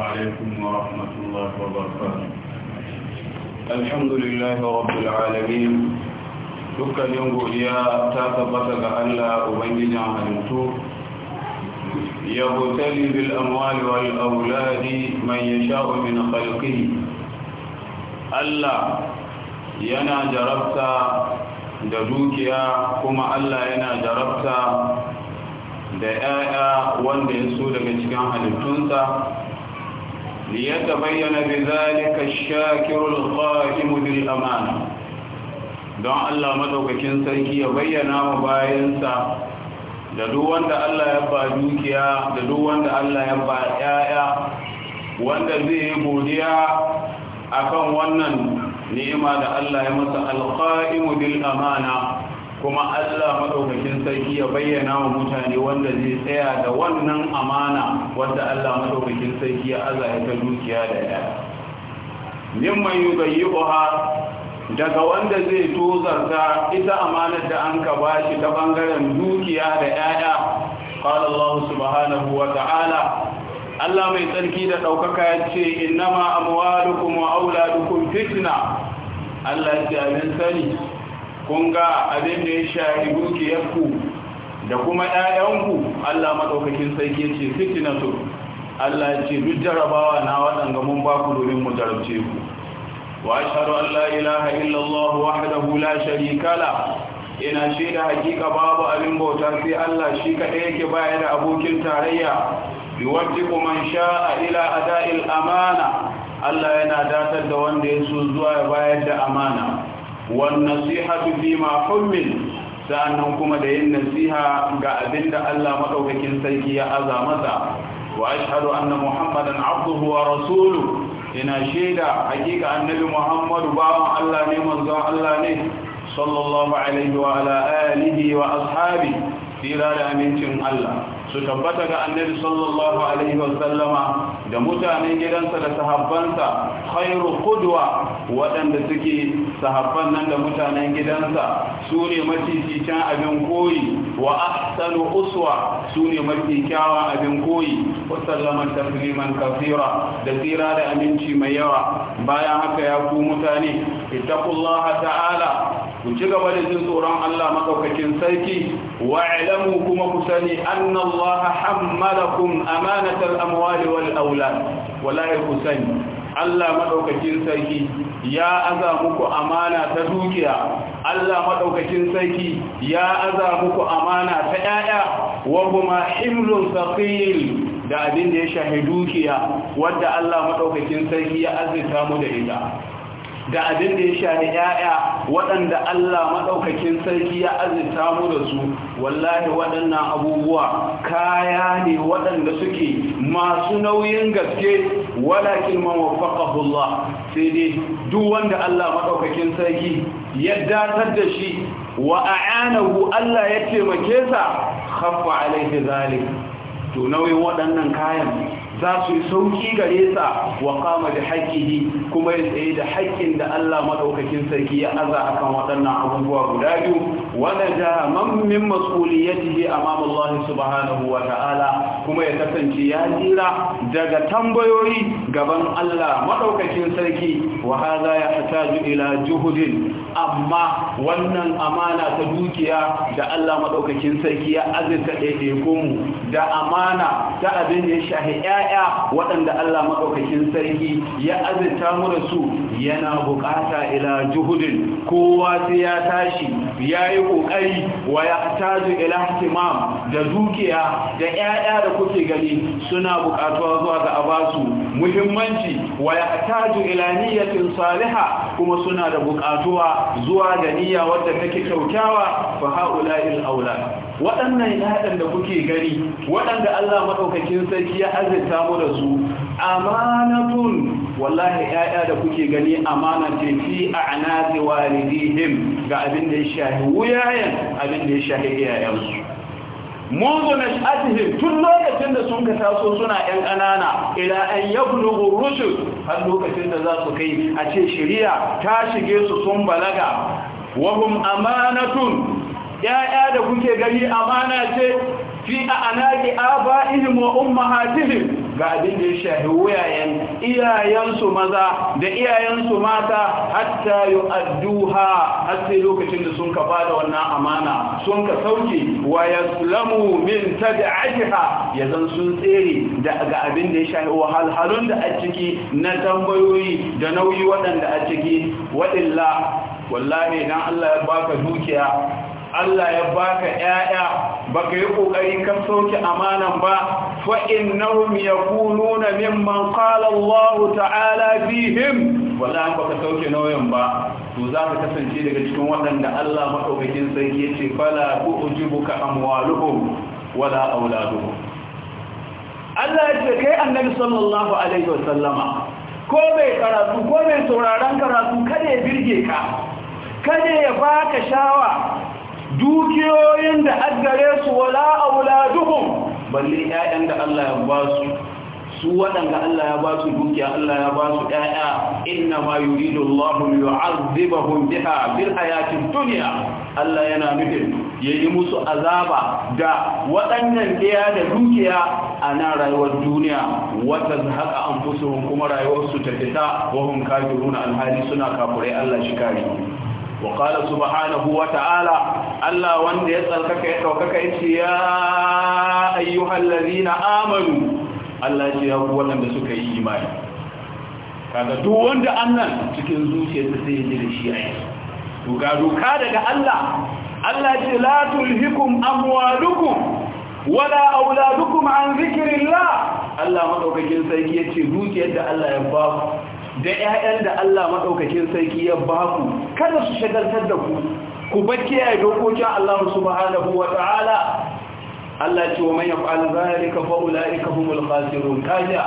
وعليكم ورحمة الله وبركاته الحمد لله رب العالمين dukkan yin godiya ta tabbata ga Allah Ubangijin halittu يبتلي بالأموال والأولاد من يشاء من خلقه الله ينا جربتا دوكيا كما الله ينا جربتا da ‘ya'ya wanda ya so daga cikin halittunsa ليتبين بذلك الشاكر القائم بالأمانة don Allah madaukakin sarki ya bayyana wa bayansa da duk wanda Allah ya ba dukiya da duk wanda Allah ya ba ƴaƴa wanda zai yi godiya akan wannan nema da Allah ya masa alqaimu bil amana kuma Allah madaukakin sarki ya bayyana wa mutane wanda zai tsaya da wannan amana wanda Allah madaukakin sarki ya aza ya ta dukiya da ya mimman ha? daga wanda zai tozarta ita amanar da an ka bashi ta bangaren dukiya da yaya qala Allah subhanahu wa ta'ala Allah mai tsarki da ɗaukaka ya ce innama amwalukum wa auladukum fitna Allah ya ce abin sani kun ga abin da ya shahi dukiyarku da kuma 'ya'yanku? Allah madaukakin sarki yace fitnatu Allah ce duk jarabawa na waɗanga mun ba ku domin mu jarabce ku wa ashhadu an la ilaha illallah wahdahu la sharika la ina shaida hakika babu abin bauta sai Allah shi kadai yake baya da abokin tarayya yuwaddiqu man sha'a ila ada'il amana Allah yana datar da wanda ya so zuwa ya bayar da amana fi ma حمل sannan kuma da yin nasiha ga abin da Allah maɗaukakin sarki ya aza masa wa ashhadu anna muhammadan abduhu wa rasuluhu ina shaida hakika annabi muhammadu bawan Allah ne manzon Allah ne sallallahu alaihi wa ala alihi wa ashabi tira da amincin Allah su tabbata ga annabi sallallahu alaihi wasallama da mutanen gidansa da sahabbansa khairu qudwa waɗanda suke sahabban nan da mutanen gidansa su ne mafi abin koyi wa ahsanu uswa su ne mafi abin koyi wa sallama tasliman kafira da tsira da aminci mai yawa bayan haka ya ku mutane ittaqullaha ta'ala ku ci gaba da jin tsoron Allah madaukakin sarki wa ilamu kuma ku sani anna amanatar hammalakum amanatal amwali wal aulad wallahi ku sani Allah madaukakin sarki ya aza muku amana ta dukiya Allah madaukakin sarki ya aza muku amana ta yaya wa kuma himlun saqil da abin da ya shahidu kiya wadda Allah madaukakin sarki ya azurta mu da ita da abin da ya shafi ‘ya'ya waɗanda Allah maɗaukakin sarki ya azurta mu da su wallahi waɗannan abubuwa kaya ne waɗanda suke masu nauyin gaske walakin mawaffaqahullah sai dai duk wanda Allah maɗaukakin sarki ya datar da shi wa a'anahu Allah ya taimake sa khaffa alaihi zalik to nauyin waɗannan kayan za su yi sauki gare sa wa kama da haƙƙihi kuma ya tsaye da haƙƙin da Allah madaukakin sarki ya aza akan waɗannan abubuwa guda biyu wanda jaha mammin min mas'uliyatihi a Allah subhanahu wa ta'ala kuma ya kasance ya jira daga tambayoyi gaban Allah madaukakin sarki wa hadha yahtaju ila juhudin amma wannan amana ta dukiya da Allah madaukakin sarki ya azurta ɗaiɗaiko mu da amana ta abin da ya shahi ƴaƴa waɗanda Allah madaukakin sarki ya azurta mu da su yana bukata ila juhudin kowa sai ya tashi yayi kokari wa yahtaju ila ihtimam da dukiya da ƴaƴa da da kuke gani suna buƙatuwa zuwa ga abasu muhimmanci wa yahtaju ila niyyatin salihah kuma suna da buƙatuwa zuwa ga niyya wadda take kyautawa fa il aula waɗannan yaɗan da kuke gani waɗanda Allah maɗaukakin sarki ya azurta mu da su amanatun wallahi ya'ya da kuke gani amana ce fi a'nati walidihim ga abin da ya shahi wuyayen abin da ya shahi iyayensu منذ نشأتهم tun lokacin da sun ka taso suna 'yan ƙanana ila an yablughu rusul har lokacin da za su kai a ce shirya ta shige su sun balaga wahun amanatun ya'ya da kuke gani amana ce fi a anaki ba’ihin wa ummahatihim ga abin da ya shahi wuyayen iyayensu maza da iyayensu mata hatta adduha har sai lokacin da sun ka bada wannan amana sun ka sauke wa ya sulamu min ta da ya yazan sun tsere daga abin da ya shahi halhalun da a ciki na tambayoyi da nauyi waɗanda a ciki waɗilla wallahi idan Allah ya baka dukiya Allah ya baka ƴaƴa baka yi kokari kan sauke amanan ba fa innahum yaquluna mimman qala Allah ta'ala fihim wallahi baka sauke nauyin ba to za ka kasance daga cikin waɗanda Allah madaukakin sarki yace fala tu'jibuka amwaluhum wala auladuhum Allah ya ce kai annabi sallallahu alaihi wasallama ko bai karatu ko bai sauraron karatu kada ya birge ka kada ya baka shawa dukiyoyin da Haddare su wala auladuhum balle ƴaƴan da Allah ya ba su su waɗanda Allah ya ba su dukiya Allah ya ba su ƴaƴa inna ma yuridu Allahu yu'azzibahum biha bil hayatid dunya Allah yana nufin yayi musu azaba da waɗannan ɗaya da dukiya a nan rayuwar duniya wata zahaka anfusuhum kuma rayuwarsu su ta fita wa hum kafiruna alhali suna kafurai Allah shi kare وقال سبحانه وتعالى الله وان يسألك يتوكك يا أيها الذين آمنوا الله يقول suka yi imani. kaga duk wanda annan cikin zuciyarsa sai ya ji da shi a yanzu to ga doka daga Allah Allah ce la tulhikum amwalukum wala auladukum an zikrillah Allah madaukakin sarki ce dukiyar da Allah ya ba da 'ya'yan da Allah maɗaukakin sarki ya ba ku kada su shagaltar da ku ku bakke ya dokokin Allah subhanahu wa ta'ala Allah ce wa man yaf'al zalika fa ulaika humul khasirun kaja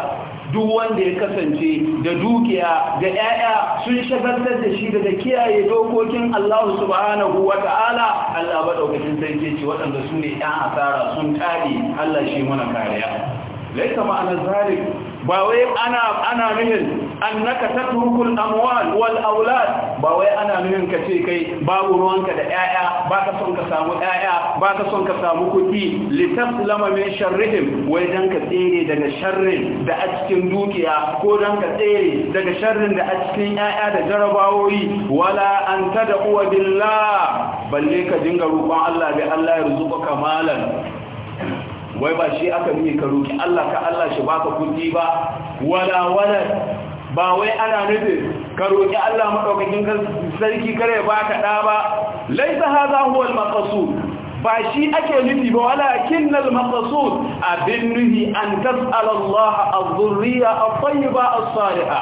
duk wanda ya kasance da dukiya da 'ya'ya sun shagaltar da shi daga kiyaye dokokin Allah subhanahu wa ta'ala Allah maɗaukakin sarki ce waɗanda su ne 'yan asara sun tare Allah shi mana kariya laisa ma'anar zalik ba wai ana ana nuhin annaka tatrukul amwal wal aulad ba wai ana nufin ka ce kai babu ruwanka da yaya baka son ka samu yaya baka son ka samu kuɗi litaslama min sharrihim wai dan ka tsere daga sharrin da a cikin dukiya ko dan ka tsere daga sharrin da a cikin yaya da jarabawoyi wala an tad'u billah balle ka dinga roƙon Allah bi Allah ya rizuka kamalan wai ba shi aka yi ka roƙi Allah ka Allah shi baka kuɗi ba wala wala ba wai ana nufin ka roƙi Allah maɗaukakin sarki kare ba ka ɗa ba laisa haza huwal maqsud ba shi ake nufi ba walakin al-maqsud abin nuhi an tas'al Allah az-zurriya at-tayyiba as-saliha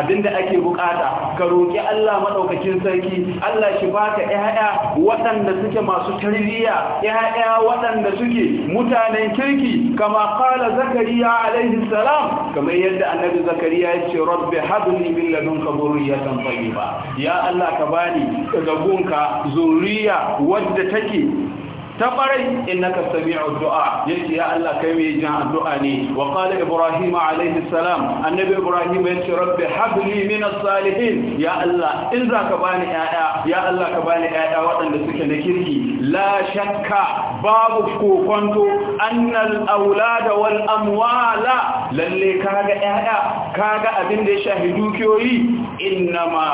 abinda ake bukata ka roki Allah madaukakin sarki Allah shi baka ƴaƴa waɗanda suke masu tarbiyya ƴaƴa waɗanda suke mutanen kirki kama qala zakariya alaihi salam kamar yadda annabi zakariya ya ce rabbi habli min ladunka dhurriyatan tayyiba ya Allah ka bani daga gunka zuriya wadda take ta barai innaka sami'u du'a yace ya Allah kai mai jin addu'a ne wa qala ibrahim alayhi salam annabi ibrahim yace rabbi habli min as-salihin ya Allah in zaka bani yaya ya Allah ka bani yaya waɗanda suke na kirki la shakka babu kokonto annal aulada wal amwala lalle kaga yaya kaga abin da ya shahi dukiyoyi innama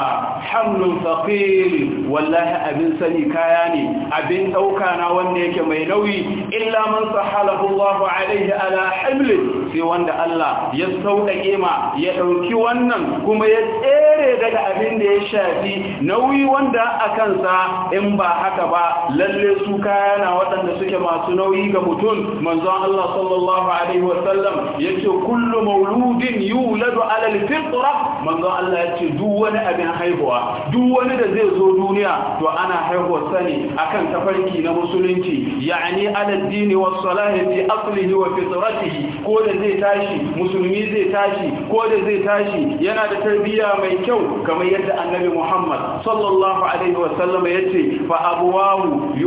hamlun thaqil wallahi abin sani kaya ne abin dauka na wanda yake mai nauyi illa man sahalahu Allah alaihi ala hamli sai wanda Allah ya sauƙaƙe ma ya dauki wannan kuma ya tsere daga abin da ya shafi nauyi wanda akan sa in ba haka ba lalle lalle su kaya na waɗanda suke masu nauyi ga mutum manzon Allah sallallahu alaihi wasallam yace kullu mauludin yuladu ala alfitra manzon Allah yace duk wani abin haihuwa duk wani da zai zo duniya to ana haihuwa sani akan tafarki na musulunci yani ala dini was salahi fi aslihi wa fitratihi ko da zai tashi musulmi zai tashi ko da zai tashi yana da tarbiyya mai kyau kamar yadda annabi Muhammad sallallahu alaihi wasallam yace fa abwahu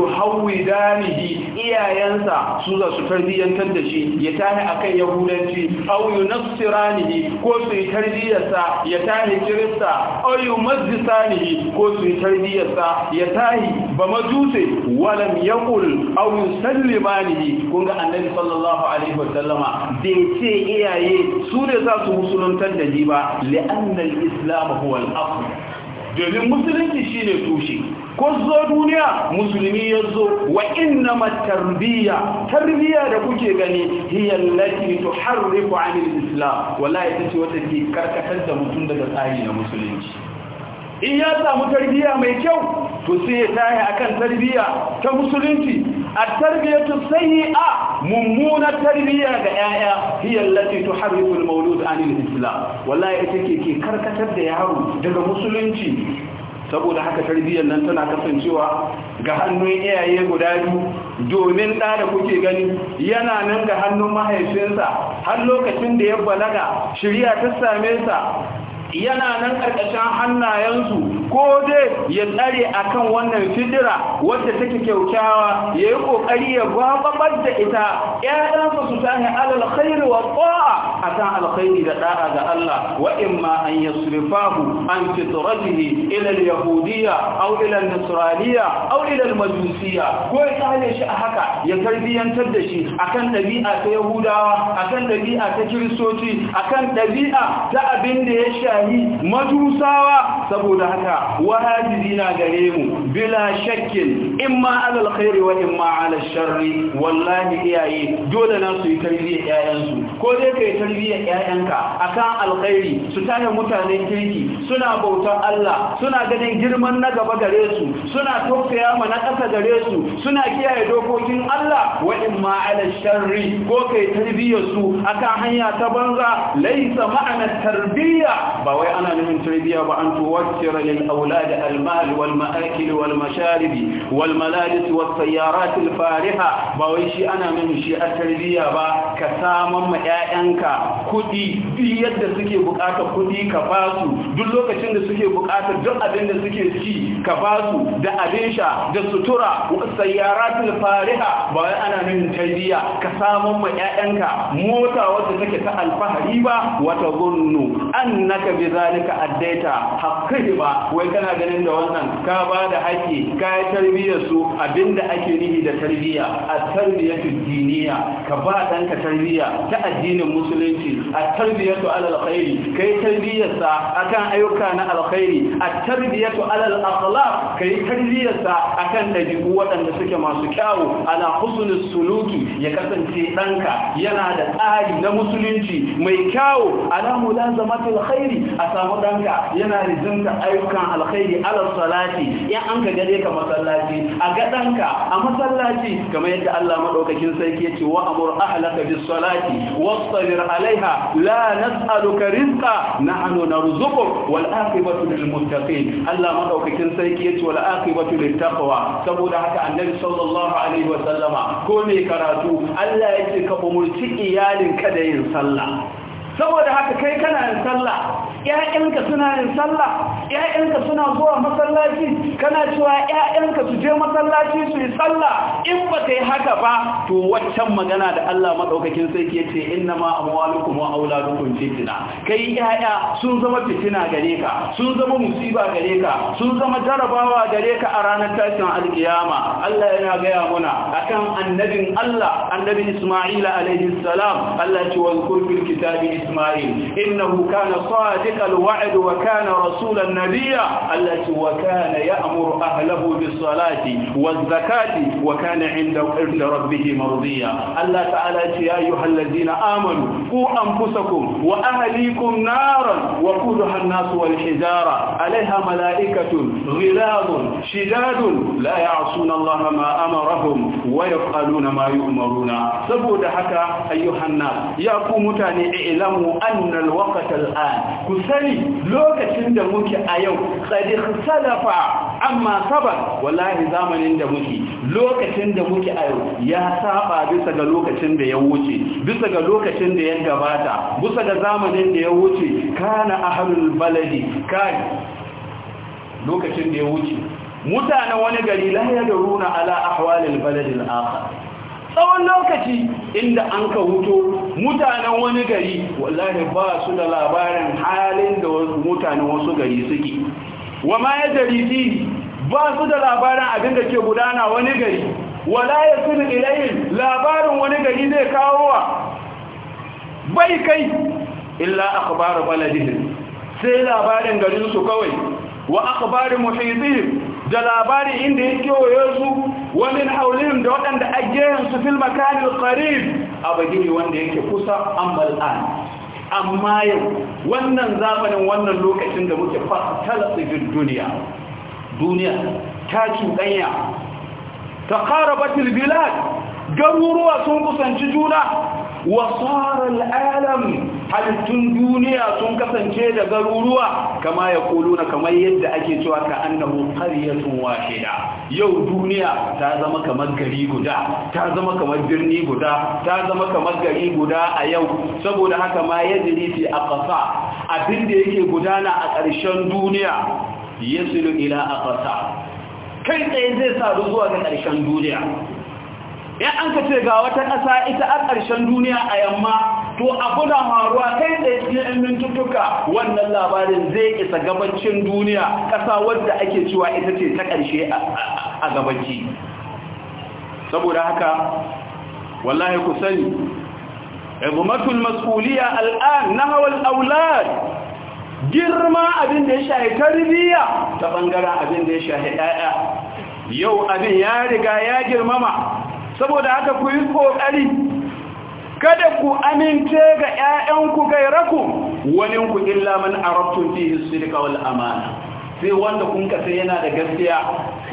danihi iyayensa su za su tarbiyyantar da shi ya tahi akan yahudanci aw yunassiranihi ko su yi tarbiyyarsa ya tahi kirista aw yumajjisanihi ko su yi tarbiyyarsa ya tahi ba majuse walam yaqul aw yusallimanihi kun annabi sallallahu alaihi wasallama bai ce iyaye su ne za su musuluntar da shi ba li'anna al-islam huwa al-afdal domin musulunci shine tushe ko zo duniya musulmi ya zo wa inna matarbiya tarbiya da kuke gani hiya allati ku anil islam ya tace wata ke karkatar da mutum daga tsari na musulunci in ya samu tarbiya mai kyau to sai ya tahi akan tarbiya ta musulunci a tarbiyar tussayi a mummunar tarbiyya ga yaya hiyallaci ta harifin maulud a nil islam wallaye ita ke ke karkatar da yaro daga musulunci saboda haka tarbiyyar nan tana kasancewa ga hannun iyaye guda biyu domin ɗa da kuke gani yana nan ga hannun mahaifinsa har lokacin da ya balaga shirya ta same sa yana nan ƙarƙashin hannayensu ko dai ya tsare akan wannan fidira wadda take kyaukyawa ya yi ƙoƙari ya gwababar da ita ‘ya'yansa su tahi alal khairu wa tsawa a kan alkhairi da ɗa'a ga Allah wa in ma an yi surifahu an fitratihi yahudiya au ilal nasraniya au ilal majusiya ko ya tsare shi a haka ya tarbiyantar da shi akan ɗabi'a ta yahudawa akan ɗabi'a ta kiristoci akan ɗabi'a ta abin da ya shafi ibrahim majusawa saboda haka wahajizi na gare mu bila shakkin imma alal khairi wa ma alal sharri wallahi iyaye dole na su yi tarbiyyar ƴaƴansu ko dai kai tarbiyyar ƴaƴanka akan alkhairi su tare mutanen kirki suna bautar Allah suna ganin girman na gaba gare su suna tausaya ma na ƙasa gare su suna kiyaye dokokin Allah wa ma alal sharri ko kai tarbiyyar su akan hanya ta banza laisa ma'ana tarbiyya ba wai ana nufin tarbiyya ba an tuwakkira lil aulad al mal wal ma'akil wal masharib wal malabis was sayyarat al fariha ba wai shi ana nufin shi a tarbiyya ba ka saman ma ƴaƴanka kudi duk yadda suke bukata kudi ka basu duk lokacin da suke bukata duk abin da suke ci ka basu da abin sha da sutura was sayyarat al fariha ba wai ana nufin tarbiyya ka saman ma ƴaƴanka mota wadda take ta alfahari ba wata gunnu annaka bi zalika addaita ba wai kana ganin da wannan ka ba da haƙi ka yi tarbiyyar su abinda ake nihi da tarbiyya a tarbiyyatu diniya ka ba ɗanka tarbiyya ta addinin musulunci a tarbiyatu alal khairi kai tarbiyyar sa akan ayyuka na alkhairi a tarbiyatu alal akhlaq kai tarbiyyar sa akan dabi'u waɗanda suke masu kyawu ala husnul suluki ya kasance ɗanka yana da tsari na musulunci mai kyawu ala mulazamatul khairi a samu ɗanka yana rizinta ayyukan alkhairi ala salati in an ka gare ka masallaci a ga ɗanka a masallaci kamar yadda Allah maɗaukakin sarki ya ce wa amur ahlaka bis salati wastabir alaiha la nas'aluka rizqa nahnu narzuquk wal aqibatu lil muttaqin Allah maɗaukakin sarki ya ce wal aqibatu lit taqwa saboda haka annabi sallallahu alaihi wa sallama ko mai karatu Allah ya ce ka umurci ka da yin sallah saboda haka kai kana yin sallah ƴaƴanka suna yin sallah Ya'yanka suna zuwa masallaci kana cewa ya'yanka su je masallaci su yi sallah in ba ta yi haka ba to waccan magana da Allah madaukakin sarki yace innama amwalukum wa auladukum fitna kai ƴaƴa sun zama fitina gare ka sun zama musiba gare ka sun zama jarabawa gare ka a ranar tashin alkiyama Allah yana gaya muna akan annabin Allah annabi Isma'il alaihi salam Allah ya ce wa kitabin Isma'il innahu kana sadiqal wa'd wa kana rasulan النبي التي وكان يأمر أهله بالصلاة والزكاة وكان عند ربه مرضيا الله تعالى يا أيها الذين آمنوا قوا أنفسكم وأهليكم نارا وقودها الناس والحجارة عليها ملائكة غلاظ شداد لا يعصون الله ما أمرهم ويفعلون ما يؤمرون سبود حكا أيها الناس يا قومتان اعلموا أن الوقت الآن كسري لو كنت ممكن a yau tsadi salafa amma saba wallahi zamanin da muke lokacin da muke a yau ya saba bisa ga lokacin da ya wuce bisa ga lokacin da ya gabata bisa ga zamanin da ya wuce kana ahlul baladi kai lokacin da ya wuce mutanen wani gari la ya daruna ala ahwalil baladil akhar tsawon lokaci inda an ka wuto mutanen wani gari wallahi ba su da labarin halin da mutanen wasu gari suke wa ma ya jarisi ba su da labarin abin da ke gudana wani gari wala ya suna ilayin labarin wani gari zai kawo wa bai kai illa akhbaru baladihin sai labarin garin su kawai wa akhbaru muhitihim da labari inda ya kewaye su wani haulihim da waɗanda ajiyar su fil makanin a bagini wanda yake kusa an amma yau wannan zamanin wannan lokacin da muke fata tsibin duniya duniya ta cuɗanya ta ƙara batir bilad garuruwa sun kusanci juna وصار العالم halittun duniya sun kasance da garuruwa kama ya na kamar yadda ake cewa ka annahu qaryatun wahida yau duniya ta zama kamar gari guda ta zama kamar birni guda ta zama kamar gari guda a yau saboda haka ma yajri fi aqsa abinda yake gudana a ƙarshen duniya yasilu ila aqsa kai tsaye zai sa zuwa ga ƙarshen duniya ya an ka ce ga wata ƙasa ita a ƙarshen duniya a yamma to abu da haruwa kai da cikin mintuttuka wannan labarin zai isa gabancin duniya ƙasa wadda ake cewa ita ce ta ƙarshe a gabanci saboda haka wallahi ku sani ibmatul mas'uliyya al'an nahwal aulad girma abin da ya shahi tarbiyya ta bangaren abin da ya shahi ɗaya yau abin ya riga ya girmama saboda haka ku yi kokari kada ku amince ga ƴaƴanku gairaku wani ku illa man arabtum fihi sidqa wal amana sai wanda kun kasa yana da gaskiya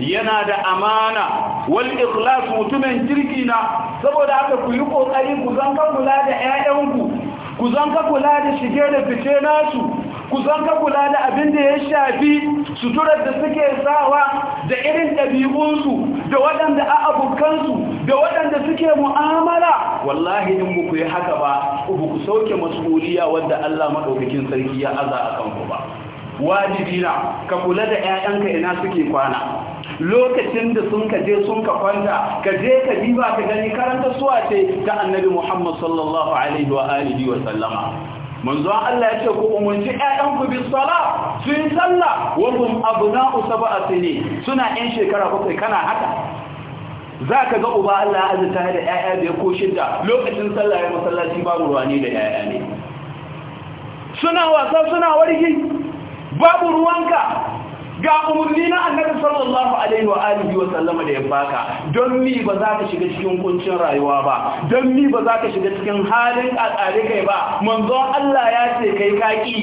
yana da amana wal ikhlas mutumin jirgi na saboda haka ku yi kokari ku zanka kula da ƴaƴanku ku zanka kula da shige da fice nasu ku zanka kula da abin da ya shafi suturar da suke sawa da irin ɗabi'unsu da waɗanda a abokansu da waɗanda suke mu'amala wallahi in ku yi haka ba ku sauke masuliya wadda Allah maɗaukakin sarki ya aza a kanku ba wajibina ka kula da 'ya'yanka ina suke kwana lokacin da sun ka je sun ka kwanta ka je ka diba ka gani karanta suwa ce ta annabi Muhammad sallallahu alaihi wa alihi wa sallama manzo Allah ya ku umunci ayyan ku bi sala su yi sallah wa hum abna'u sab'a suna yan shekara bakwai kana haka zaka ga uba Allah ya azurta da ƴaƴa da ko shidda lokacin sallah ya masallaci babu ruwa ne da ƴaƴa ne suna wasa suna wargi babu ruwanka ga umarni na annabi sallallahu alaihi wa alihi wa sallama da ya baka don ni ba za ka shiga cikin kuncin rayuwa ba don ni ba za ka shiga cikin halin alƙari kai ba manzon Allah ya ce kai kaki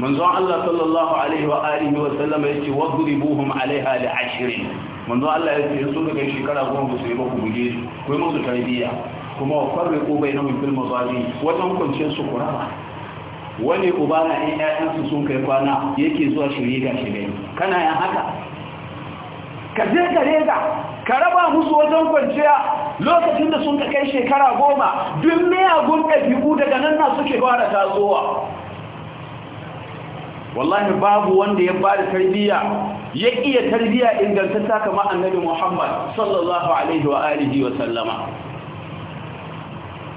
manzon Allah sallallahu alaihi wa alihi wa sallama yace wadribuhum alaiha li ashrin manzon Allah yace sun daga shekara goma su yi ba ku buge su ku musu tarbiyya kuma wa farriqu bainahum fil mazaji wajen kunce su kurama wani uba na ɗan su sun kai kwana yake zuwa shirye ga shirye kana yan haka ka je ka rega ka raba musu wajen kwanciya lokacin da sun kai shekara goma duk miyagun ɗabi'u daga nan na suke fara tasowa wallahi babu wanda ya ba da tarbiyya ya iya tarbiyya ingantatta kama annabi Muhammad sallallahu alaihi wa alihi wa sallama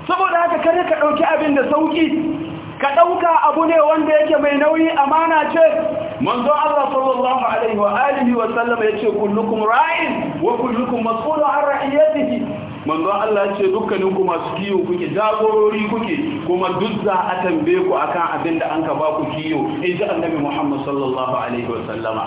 saboda haka kare ka ɗauki abin da sauki ka ɗauka abu ne wanda yake mai nauyi amana ce manzo Allah sallallahu alaihi wa alihi wa sallam yace kullukum ra'in wa kullukum mas'ulun an ra'iyatihi manzo Allah yace dukkanin ku masu kiyo kuke jagorori kuke kuma duk za a tambaye ku akan abin da anka ka ba ku kiyo inji annabi Muhammad sallallahu alaihi wa sallama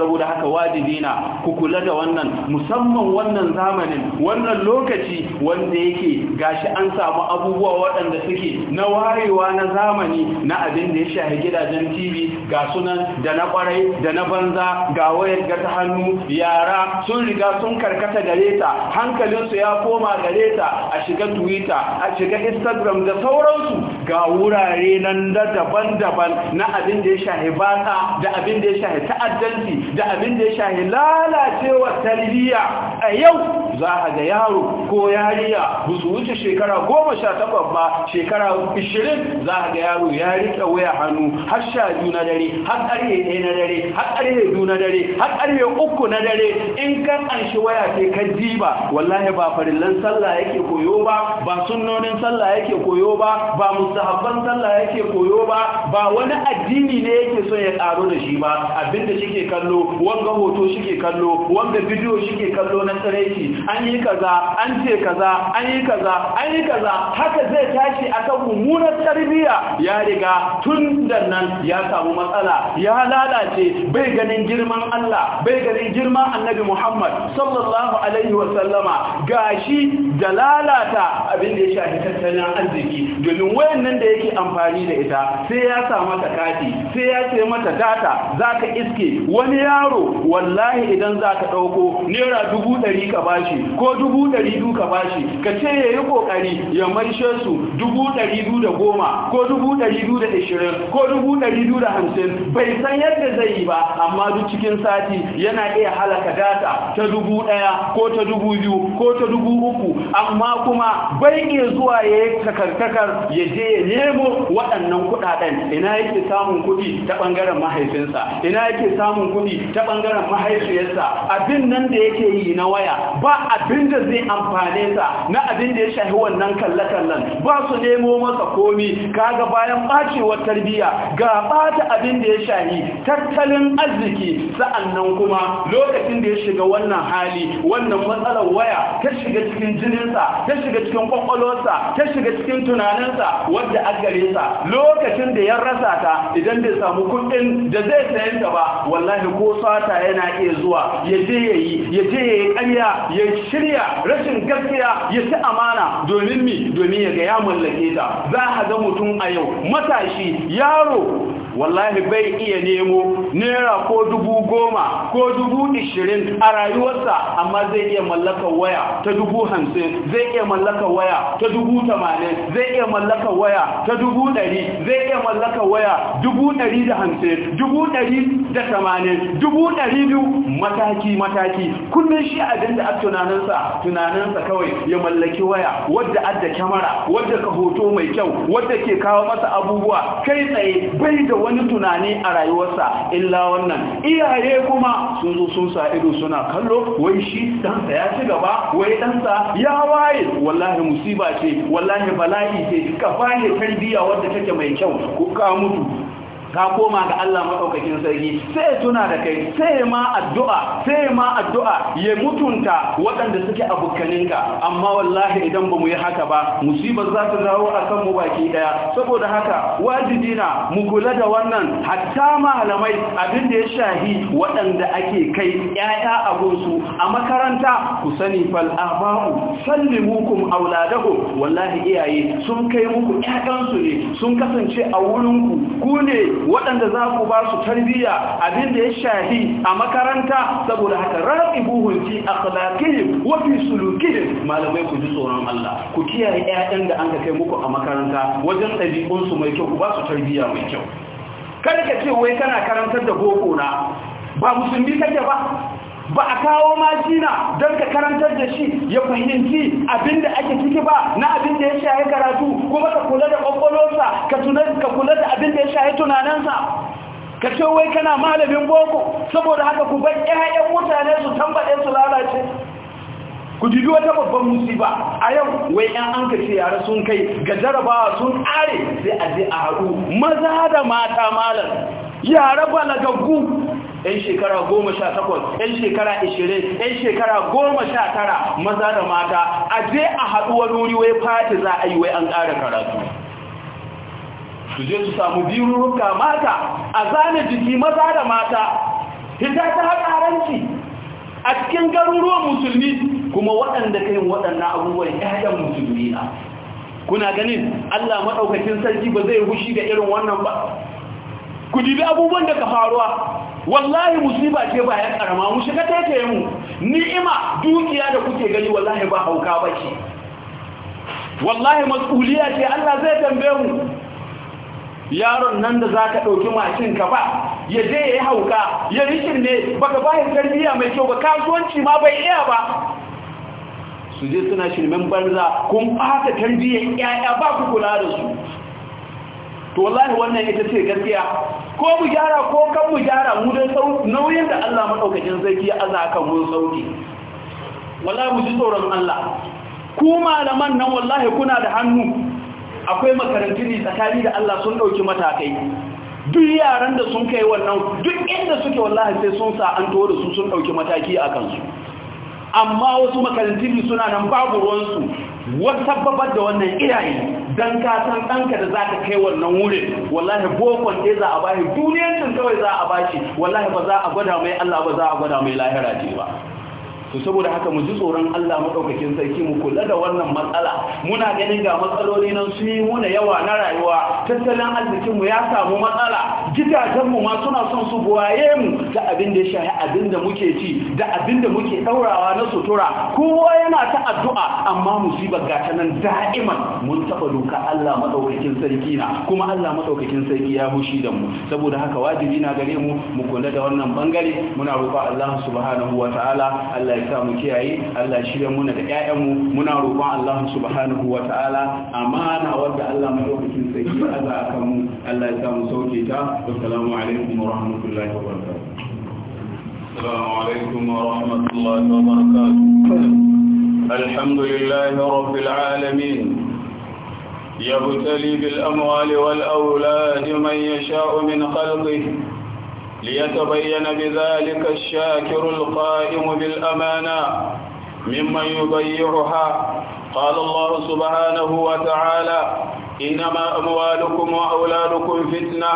saboda haka wajibi na ku kula da wannan musamman wannan zamanin wannan lokaci wanda yake gashi an samu abubuwa waɗanda suke na warewa na zamani na abin da ya shahi gidajen TV ga sunan da na kwarai da na banza ga wayar ga ta hannu yara sun riga sun karkata gare ta hankalinsu ya koma gare ta a shiga Twitter a shiga Instagram da sauransu ga wurare nan da daban-daban na abin da ya shahi bata da abin da ya shahi ta'addanci da abin da ya shahi lalacewa talbiya a yau za a ga yaro ko yariya busu wuce shekara goma sha takwas ba shekara ishirin za a ga yaro ya riƙe waya hannu har sha biyu na dare har ƙarfe ɗaya na dare har ƙarfe biyu na dare har ƙarfe uku na dare in kan an waya ce ka wallahi ba farillan sallah yake koyo ba ba sunnonin sallah yake koyo ba ba musa mustahabban sallah yake koyo ba ba wani addini ne yake son ya karo da shi ba abinda shike kallo wanga hoto shike kallo wanga bidiyo shike kallo na tsareci an yi kaza an ce kaza an yi kaza an yi kaza haka zai tashi akan mummunar tarbiyya ya riga tun da nan ya samu matsala ya lalace bai ganin girman Allah bai ganin girman Annabi Muhammad sallallahu alaihi wa sallama gashi da lalata abin da ya shafi tattalin arziki domin wayannan nan da yake amfani da ita sai ya sa mata kati sai ya ce mata data za ka iske wani yaro wallahi idan za ka ɗauko naira dubu ɗari ka bashi ko dubu ɗari du ka bashi ka ce ya yi ƙoƙari ya marshe su dubu ɗari du da goma ko dubu ɗari du da ishirin ko dubu ɗari du da hamsin bai san yadda zai yi ba amma duk cikin sati yana iya halaka data ta dubu ɗaya ko ta dubu biyu ko ta dubu uku amma kuma bai iya zuwa ya yi takartakar ya je ya nemo waɗannan kuɗaɗen ina yake samun kuɗi ta ɓangaren mahaifinsa ina yake samun kuɗi ta ɓangaren mahaifiyarsa abin nan da yake yi na waya ba abin da zai amfane sa na abin da ya shahi wannan kalle kallan ba su nemo masa komi kaga bayan ɓacewar tarbiyya ga ɓata abin da ya shahi tattalin arziki sa'annan kuma lokacin da ya shiga wannan hali wannan matsalar waya ta shiga cikin jininsa ta shiga cikin kwakwalwarsa ta shiga cikin tunaninsa wadda a gare sa lokacin da ya rasa ta idan bai samu kuɗin da zai sayan ta ba wallahi ko sata yana iya zuwa ya je ya yi ya je ya yi ƙarya ya shirya rashin gaskiya ya ci amana domin mi domin ya ga ya mallake ta za a ga mutum a yau matashi yaro wallahi bai iya nemo naira ko dubu goma ko dubu ishirin a rayuwarsa amma zai iya mallaka waya ta dubu hamsin zai iya mallaka waya ta dubu tamanin zai iya mallaka waya ta dubu ɗari zai iya mallaka waya dubu ɗari da hamsin dubu ɗari da tamanin dubu ɗari biyu mataki-mataki kullum shi a dinda a tunaninsa tunaninsa kawai ya mallaki waya wadda adda kyamara wadda ka hoto mai kyau wadda ke kawo masa abubuwa kai tsaye bai da wani tunani a rayuwarsa illa wannan iyaye kuma sun zo sun sa ido suna kallo wai shi ɗansa ya ci gaba wai ɗansa ya waye wallahi musiba ce wallahi bala'i ce ka fahimtar tarbiyya wadda take mai kyau ko ka mutu ka koma ga Allah maɗaukakin sarki sai suna da kai sai ma addu'a sai ma addu'a ya mutunta waɗanda suke abokaninka amma wallahi idan ba mu yi haka ba musibar za ta dawo a kan mu baki ɗaya saboda haka wajibi na mu kula da wannan hatta malamai abin da ya shahi waɗanda ake kai 'ya'ya a gunsu a makaranta ku sani fal aba'u wallahi iyaye sun kai muku ƴaƴansu ne sun kasance a wurinku ku ne waɗanda za ku ba su tarbiyya abin da ya shafi a makaranta saboda haka buhun fi a wa wafi sulukihim malamai ku ji tsoron Allah ku kiyaye 'ya'yan da an ka kai muku a makaranta wajen ɗabi'unsu mai kyau ku ba su tarbiyya mai kyau kada ka ce wai kana karantar da boko na ba musulmi kake ba ba a kawo majina don ka karantar da shi ya fahimci abin da ake ciki ba na abin da ya shahi karatu kuma ka kula da kwakwalonsa ka kula da abin da ya shahi tunanansa ka ce wai kana malamin boko saboda haka ku 'ya'yan ƴaƴan mutane su tambaye su lalace ku jiji wata babban musiba a yau wai ƴan an kace yara sun kai ga jarabawa sun ƙare sai a je a haɗu maza da mata malam yara balagaggu 'yan shekara goma sha takwas 'yan shekara ishirin 'yan shekara goma sha tara maza da mata a je a haɗuwar wuri wai fati za a yi wai an ƙara karatu su je su samu biruruka mata a zane jiki maza da mata hita ta a cikin garuruwan musulmi kuma waɗanda kai waɗannan abubuwan 'ya'yan musulmi na kuna ganin allah maɗaukakin sarki ba zai hushi da irin wannan ba ku dibi abubuwan da ka faruwa wallahi musiba ce ba ya karama mu shiga take mu ni'ima dukiya da kuke gani wallahi ba hauka bace wallahi mas'uliya ce Allah zai tambaye mu yaron nan da zaka dauki mashin ka ba ya je yayi hauka ya rikin ne baka bayan tarbiyya mai kyau ba kasuwanci ma bai iya ba su je suna shirmen banza kun ɓata tarbiyyar 'ya'ya ba ku kula da su to wallahi wannan ita ce gaskiya ko mu gyara ko kan mu gyara mu dai nauyin da Allah madaukakin sarki ya aza kan mu sauki wallahi mu ji tsoron Allah ku malaman nan wallahi kuna da hannu akwai makarantun tsakani da Allah sun dauki matakai duk yaran da sun kai wannan duk inda suke wallahi sai sun sa an to da su sun dauki mataki akan su amma wasu makarantun suna nan babu ruwansu wasu sabbabar da wannan iyaye don kasan ɗanka da za ka kai wannan wurin wallahi bokon ɗaya za a bashi duniyancin kawai za a bashi wallahi ba za a gwada mai Allah ba za a gwada mai lahira ce ba to saboda haka mu ji tsoron Allah madaukakin sarki mu kula da wannan matsala muna ganin ga matsaloli nan su yi muna yawa na rayuwa tattalin arzikin mu ya samu matsala gidajen mu ma suna son su buwaye mu da abin da ya shahi abin da muke ci da abin da muke daurawa na sutura kowa yana ta addu'a amma musibar gata nan da'iman mun taba doka Allah madaukakin sarki na kuma Allah madaukakin sarki ya hushi da mu saboda haka wajibi na gare mu mu kula da wannan bangare muna roƙa Allah subhanahu wataala Allah ya sa mu kiyaye Allah shi ya muna da ƴaƴanmu muna roƙon Allah subhanahu wa ta'ala amana wanda Allah mai lokacin sai ya aza akan mu Allah ya sa mu sauke ta assalamu alaikum wa rahmatullahi wa barakatuh السلام عليكم ورحمة الله وبركاته الحمد لله رب العالمين يبتلي بالأموال والأولاد من يشاء من خلقه ليتبين بذلك الشاكر القائم بالأمانة ممن يضيعها قال الله سبحانه وتعالى إنما أموالكم وأولادكم فتنة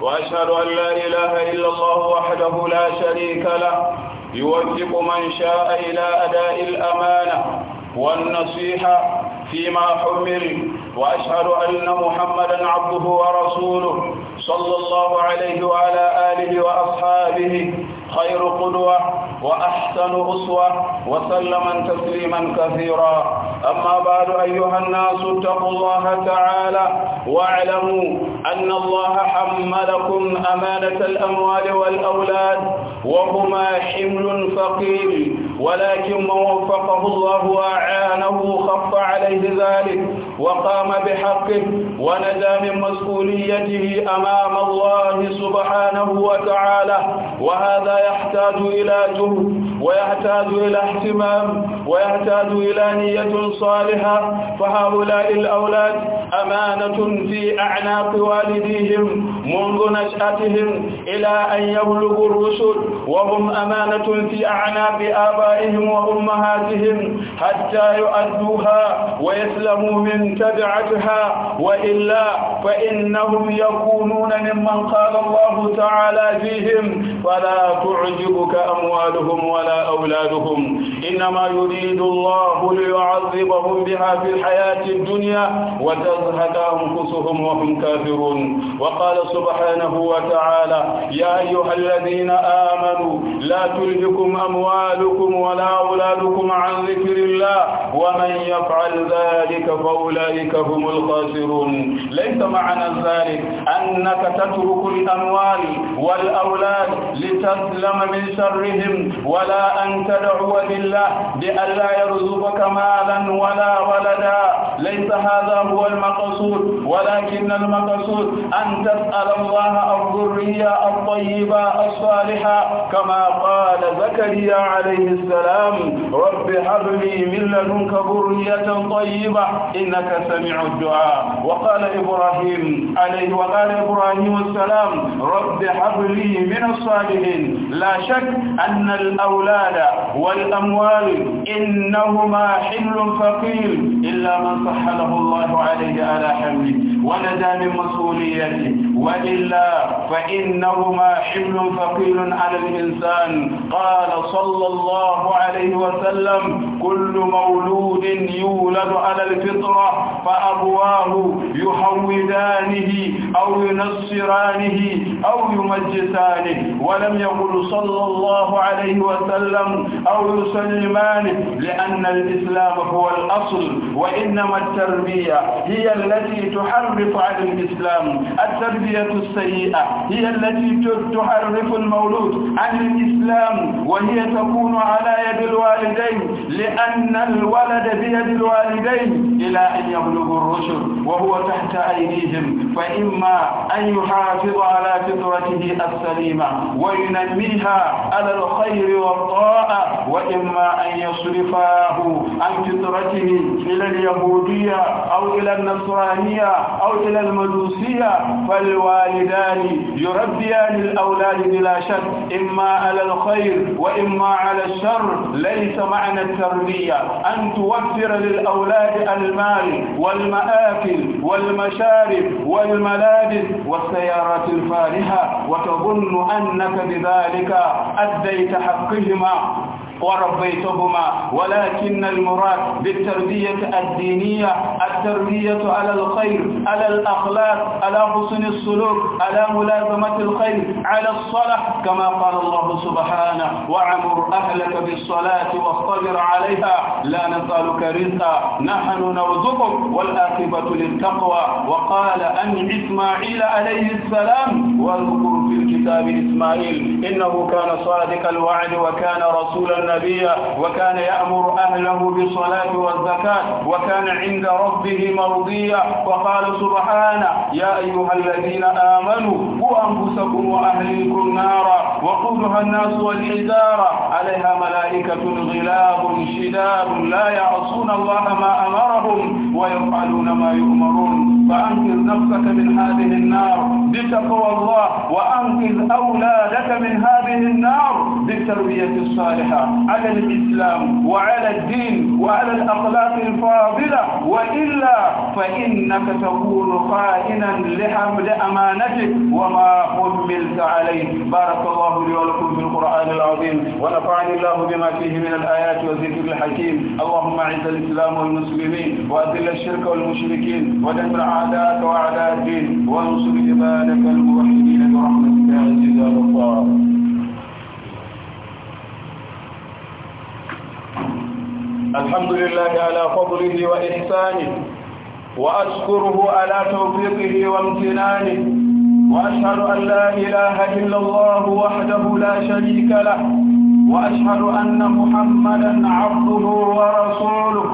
وأشهد أن لا إله إلا الله وحده لا شريك له يوفق من شاء إلى أداء الأمانة والنصيحة فيما حمل وأشهد أن محمدا عبده ورسوله صلى الله عليه وعلى آله وأصحابه خير قدوة وأحسن أسوة وسلم تسليما كثيرا أما بعد أيها الناس اتقوا الله تعالى واعلموا أن الله حملكم أمانة الأموال والأولاد وهما حمل ثقيل ولكن من وفقه الله وأعانه خف عليه ذلك وقام بحقه ونجا من مسؤوليته أمام الله سبحانه وتعالى وهذا يحتاج إلى جهد ويحتاج إلى اهتمام ويحتاج إلى نية صالحة فهؤلاء الأولاد أمانة في أعناق والديهم منذ نشأتهم إلى أن يبلغوا الرسل وهم أمانة في أعناق آبائهم وأمهاتهم حتى يؤدوها ويسلموا من تبعتها وإلا فإنهم يكونون ممن قال الله تعالى فيهم فلا تعجبك أموالهم ولا أولادهم إنما يريد الله ليعذبهم بها في الحياة الدنيا وتزهد أنفسهم وهم كافرون وقال سبحانه وتعالى يا أيها الذين آمنوا لا تلهكم أموالكم ولا أولادكم عن ذكر الله ومن يفعل ذلك فأولئك هم الخاسرون ليس معنى ذلك أنك تترك الأموال والأولاد لتسلم من شرهم ولا أن تدعو بالله بألا يرزقك مالا ولا ولدا ليس هذا هو المقصود ولكن المقصود أن تسأل الله الذرية الطيبة الصالحة كما قال زكريا عليه السلام رب هب لي من لدنك ذرية طيبة إنك سميع الدعاء وقال إبراهيم عليه وقال إبراهيم السلام رب هب لي من الصالحين صالح لا شك أن الأولاد والأموال إنهما حمل ثقيل إلا من صح له الله عليه على حمله ونجا من مسؤوليته وإلا فإنهما حمل ثقيل على الإنسان قال صلى الله عليه وسلم كل مولود يولد على الفطرة فأبواه يحودانه أو ينصرانه أو يمجسانه ولم يقل صلى الله عليه وسلم أو يسلمانه لأن الإسلام هو الأصل وإنما التربية هي التي تحرف عن الإسلام التربية التربية السيئة هي التي تحرف المولود عن الإسلام وهي تكون على يد الوالدين لأن الولد بيد الوالدين إلى أن يبلغ الرشد وهو تحت أيديهم فإما أن يحافظ على فطرته السليمة وينميها على الخير والطاعة وإما أن يصرفاه عن فطرته إلى اليهودية أو إلى النصرانية أو إلى المجوسية فالو الوالدان يربيان الأولاد بلا شك إما على الخير وإما على الشر ليس معنى التربية أن توفر للأولاد المال والمآكل والمشارب والملابس والسيارات الفارهة وتظن أنك بذلك أديت حقهما وربيتهما ولكن المراد بالتربية الدينية التربية على الخير على الأخلاق على حسن السلوك على ملازمة الخير على الصلاة كما قال الله سبحانه وعمر أهلك بالصلاة واصطبر عليها لا نزال رزقا نحن نرزقك والآخبة للتقوى وقال أن إسماعيل عليه السلام واذكر في الكتاب إسماعيل إنه كان صادق الوعد وكان رسولا نبيا وكان يأمر أهله بالصلاة والزكاة وكان عند ربه مرضيا وقال سبحانه يا أيها الذين آمنوا أنفسكم وأهليكم نارا وقودها الناس والحجارة عليها ملائكة غلاب شداد لا يعصون الله ما أمرهم ويفعلون ما يؤمرون فأنفر نفسك من هذه النار بتقوى الله الله وأنقذ أولادك من هذه النار بالتربية الصالحة على الإسلام وعلى الدين وعلى الأخلاق الفاضلة وإلا فإنك تكون خائنا لحمد أمانتك وما حملت عليه بارك الله لي ولكم في القرآن العظيم ونفعني الله بما فيه من الآيات والذكر الحكيم اللهم أعز الإسلام والمسلمين وأذل الشرك والمشركين ودمر أعداءك وأعداء الدين وانصر عبادك الموحدين برحمتك يا عزيز الله الحمد لله على فضله وإحسانه وأشكره على توفيقه وامتنانه وأشهد أن لا إله إلا الله وحده لا شريك له وأشهد أن محمدا عبده ورسوله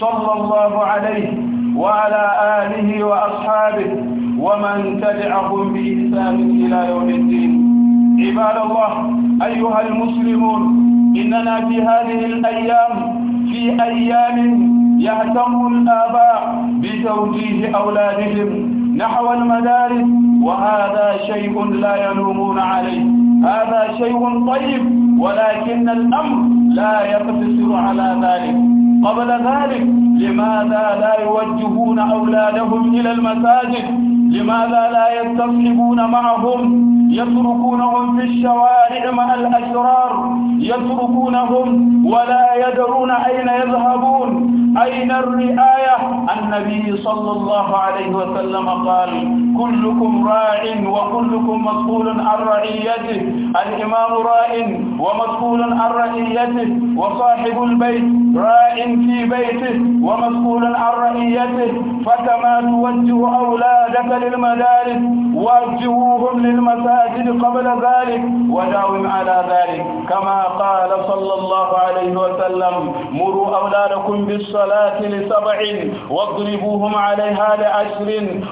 صلى الله عليه وعلى آله وأصحابه ومن تبعهم بإحسان إلى يوم الدين عباد الله أيها المسلمون إننا في هذه الأيام في أيام يهتم الآباء بتوجيه أولادهم نحو المدارس وهذا شيء لا يلومون عليه هذا شيء طيب ولكن الأمر لا يقتصر على ذلك قبل ذلك لماذا لا يوجهون أولادهم إلى المساجد لماذا لا يتصحبون معهم يتركونهم في الشوارع مع الأشرار يتركونهم ولا يدرون أين يذهبون أين الرعاية النبي صلى الله عليه وسلم قال كلكم راع وكلكم مسؤول عن رعيته الإمام راع ومسؤول عن رعيته وصاحب البيت راع في بيته ومسؤول عن رعيته فكما توجه أولادك للمدارس وجهوهم للمساجد قبل ذلك وداوم على ذلك كما قال صلى الله عليه وسلم مروا أولادكم بالصلاة لسبع واضربوهم عليها لعشر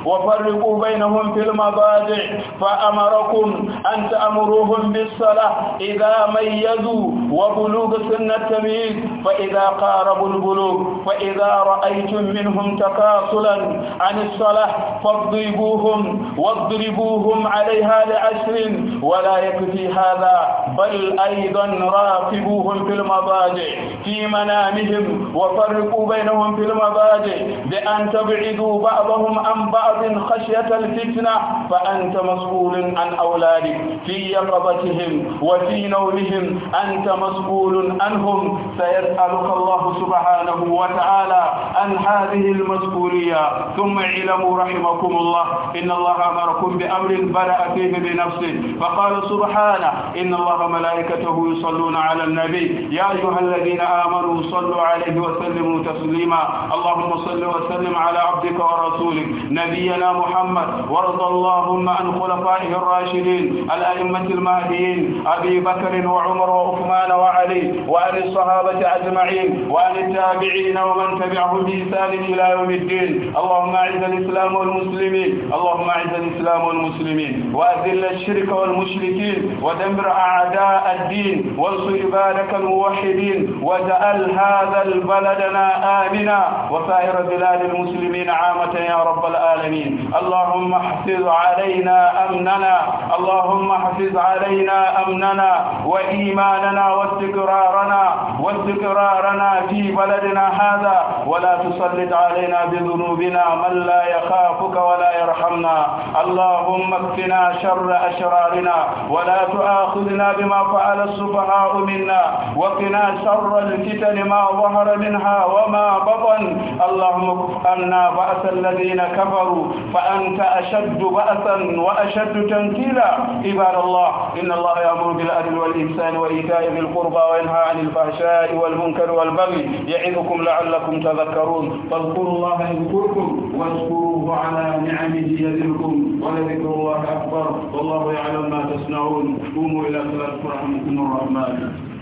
وفرقوا بين بينهم في المضاجع فأمركم أن تأمروهم بالصلاة إذا ميزوا وبلوغ سن التمييز فإذا قاربوا البلوغ فإذا رأيتم منهم تكاسلا عن الصلاة فاضربوهم واضربوهم عليها لعشر ولا يكفي هذا بل أيضا راقبوهم في المضاجع في منامهم وفرقوا بينهم في المضاجع بأن تبعدوا بعضهم عن بعض خشية الفتنة فأنت مسؤول عن أولادك في يقظتهم وفي نومهم أنت مسؤول عنهم سيسألك الله سبحانه وتعالى عن هذه المسؤولية ثم اعلموا رحمكم الله إن الله أمركم بأمر بدأ فيه بنفسه فقال سبحانه إن الله وملائكته يصلون على النبي يا أيها الذين آمنوا صلوا عليه وسلموا تسليما اللهم صل وسلم على عبدك ورسولك نبينا محمد وارض اللهم عن خلفائه الراشدين الأئمة المهديين أبي بكر وعمر وعثمان وعلي وعن الصحابة أجمعين وعن التابعين ومن تبعهم بإحسان إلى يوم الدين اللهم أعز الإسلام والمسلمين اللهم أعز الإسلام والمسلمين وأذل الشرك والمشركين ودمر أعداء الدين وانصر عبادك الموحدين واجعل هذا البلد آمنا وسائر بلاد المسلمين عامة يا رب العالمين اللهم احفظ علينا أمننا اللهم احفظ علينا أمننا وإيماننا واستقرارنا واستقرارنا في بلدنا هذا ولا تسلط علينا بذنوبنا من لا يخافك ولا يرحمنا اللهم اكفنا شر أشرارنا ولا تؤاخذنا بما ما فعل السفهاء منا وقنا شر الفتن ما ظهر منها وما بطن اللهم أنا بأس الذين كفروا فأنت أشد بأسا وأشد تنكيلا عباد الله إن الله يأمر بالعدل والإحسان وإيتاء ذي القربى وينهى عن الفحشاء والمنكر والبغي يعظكم لعلكم تذكرون فاذكروا الله يذكركم واشكروه على نعمه يزدكم ولذكر الله أكبر والله يعلم ما تصنعون قوموا إلى صلاة عليكم ورحمة الله وبركاته